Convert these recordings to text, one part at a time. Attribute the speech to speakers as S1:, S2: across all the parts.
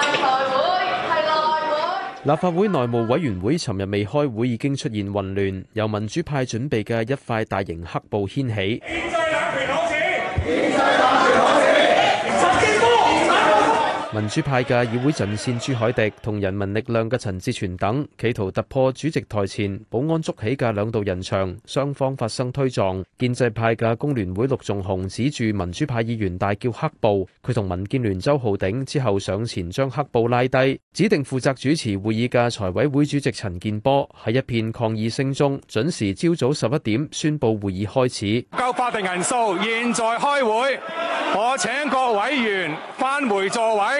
S1: 會內立法會內務委員會尋日未開會，已經出現混亂，由民主派準備嘅一塊大型黑布掀起。民主派嘅議會陣線朱凱廸同人民力量嘅陳志全等企圖突破主席台前保安捉起嘅兩道人牆，雙方發生推撞。建制派嘅工聯會陸頌雄指住民主派議員大叫黑布，佢同民建聯周浩鼎之後上前將黑布拉低。指定負責主持會議嘅財委會主席陳健波喺一片抗議聲中，準時朝早十一點宣佈會議開始。
S2: 夠法定人數，現在開會。我請各委員返回座位。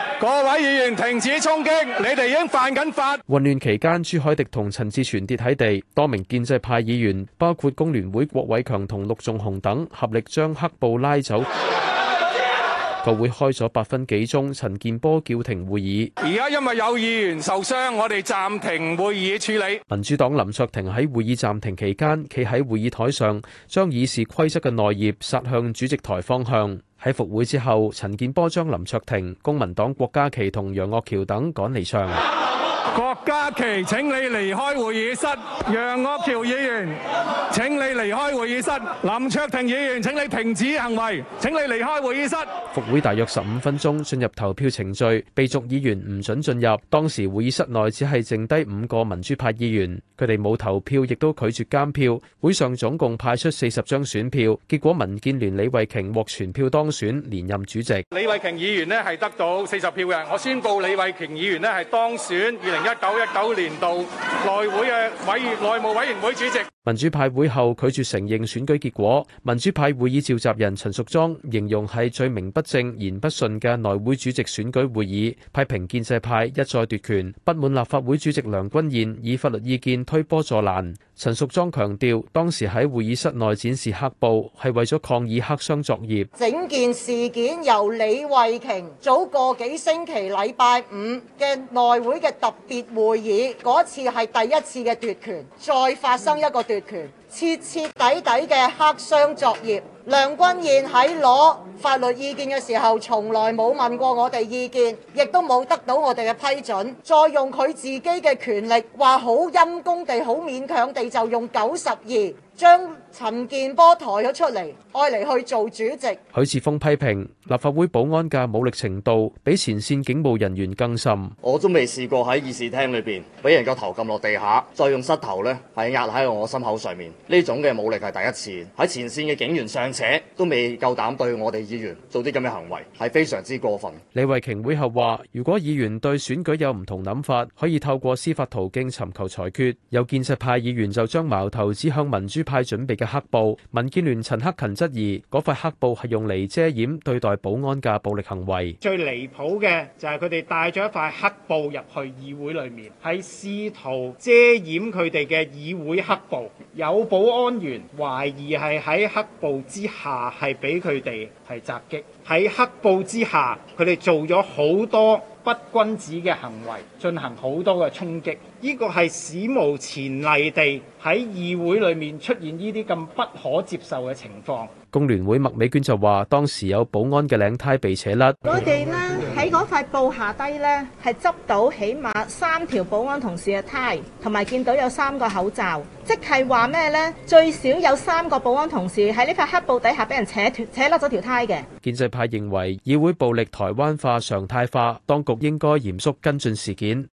S2: 各位議員停止衝擊，你哋已經犯緊法。
S1: 混亂期間，朱凱廸同陳志全跌喺地，多名建制派議員，包括工聯會郭偉強同陸仲雄等，合力將黑布拉走。個會開咗八分幾鐘，陳健波叫停會議。
S2: 而家因為有議員受傷，我哋暫停會議處理。
S1: 民主黨林卓廷喺會議暫停期間，企喺會議台上，將議事規則嘅內頁撒向主席台方向。喺復會之後，陳健波將林卓廷、公民黨郭家麒同楊岳橋等趕離場。
S2: 郭家琪，請你離開會議室。楊岳橋議員，請你離開會議室。林卓廷議員，請你停止行為，請你離開會議室。
S1: 復會大約十五分鐘，進入投票程序，被逐議員唔准進入。當時會議室內只係剩低五個民主派議員，佢哋冇投票，亦都拒絕監票。會上總共派出四十張選票，結果民建聯李慧瓊獲全票當選連任主席。
S2: 李慧瓊議員呢係得到四十票嘅，我宣布李慧瓊議員呢係當選。二零一九年度內會嘅委員，內務委員會主席。
S1: 民主派會後拒絕承認選舉結果。民主派會議召集人陳淑莊形容係最名不正言不順嘅內會主席選舉會議，批評建制派一再奪權，不滿立法會主席梁君彥以法律意見推波助瀾。陳淑莊強調，當時喺會議室內展示黑布係為咗抗議黑箱作業。整件事件由李慧瓊早過幾星期禮拜五嘅內會嘅特。決會議嗰次係第一次嘅奪權，再發生一個奪權，徹徹底底嘅黑箱作業。梁君彥喺攞法律意見嘅時候，從來冇問過我哋意見，亦都冇得到我哋嘅批准，再用佢自己嘅權力，話好陰功地、好勉強地就用九十二。將陳健波抬咗出嚟，開嚟去做主席。許智峰批評立法會保安嘅武力程度比前線警務人員更甚。我都未試過喺議事廳裏邊俾人個頭撳落地下，再用膝頭呢係壓喺我心口上面。呢種嘅武力係第一次，喺前線嘅警員尚且，且都未夠膽對我哋議員做啲咁嘅行為，係非常之過分。李慧瓊會後話：如果議員對選舉有唔同諗法，可以透過司法途徑尋求裁決。有建制派議員就將矛頭指向民主。派準備嘅黑布，民建聯陳克勤質疑嗰塊黑布係用嚟遮掩對待保安嘅暴力行為。最離譜嘅就係佢哋帶咗一塊黑布入去議會裏面，係試圖遮掩佢哋嘅議會黑暴。有保安員懷疑係喺黑布之下係俾佢哋係襲擊，喺黑布之下佢哋做咗好多。不君子嘅行為進行好多嘅衝擊，呢個係史無前例地喺議會裏面出現呢啲咁不可接受嘅情況。工聯會麥美娟就話：當時有保安嘅領呔被扯甩。我哋咧。嗰塊布下低呢，係執到起碼三條保安同事嘅呔，同埋見到有三個口罩，即係話咩呢？最少有三個保安同事喺呢塊黑布底下俾人扯斷、扯甩咗條呔嘅。建制派認為議會暴力台灣化、常態化，當局應該嚴肅跟進事件。